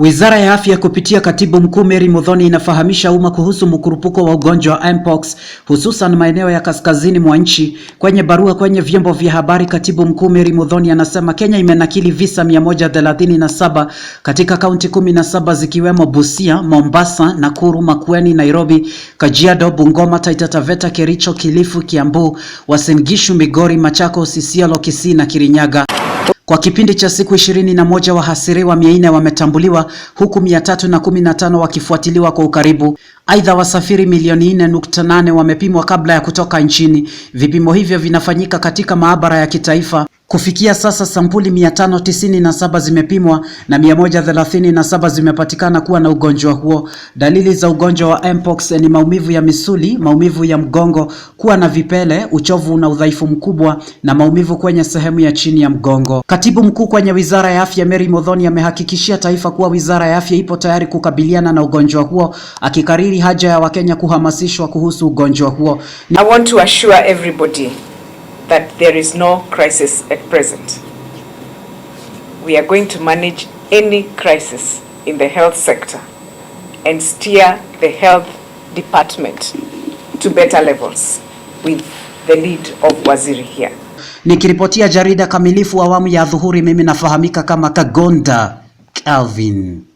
Wizara ya Afya kupitia Katibu Mkuu Mary mudhoni inafahamisha umma kuhusu mkurupuko wa ugonjwa wa Mpox hususan maeneo ya kaskazini mwa nchi. Kwenye barua kwenye vyombo vya habari, Katibu Mkuu Mary mudhoni anasema Kenya imenakili visa 137 katika kaunti 17 zikiwemo Busia, Mombasa, Nakuru, Makueni, Nairobi, Kajiado, Bungoma, Taita Taveta, Kericho, Kilifi, Kiambu, Wasingishu, Migori, Machakos, Isiolo, Kisii na Kirinyaga. Kwa kipindi cha siku ishirini na moja wahasiriwa mia nne wametambuliwa huku mia tatu na kumi na tano wakifuatiliwa kwa ukaribu. Aidha, wasafiri milioni nne nukta nane wamepimwa kabla ya kutoka nchini. Vipimo hivyo vinafanyika katika maabara ya kitaifa Kufikia sasa sampuli 597 zimepimwa na 137 zimepatikana kuwa na ugonjwa huo. Dalili za ugonjwa wa mpox ni maumivu ya misuli, maumivu ya mgongo, kuwa na vipele, uchovu na udhaifu mkubwa na maumivu kwenye sehemu ya chini ya mgongo. Katibu mkuu kwenye Wizara ya Afya Mary Modhoni amehakikishia taifa kuwa Wizara ya Afya ipo tayari kukabiliana na ugonjwa huo, akikariri haja ya Wakenya kuhamasishwa kuhusu ugonjwa huo. I want to assure everybody that there is no crisis at present. We are going to manage any crisis in the health sector and steer the health department to better levels with the lead of Waziri here. Nikiripotia jarida kamilifu awamu ya dhuhuri, mimi nafahamika kama Kagonda Calvin.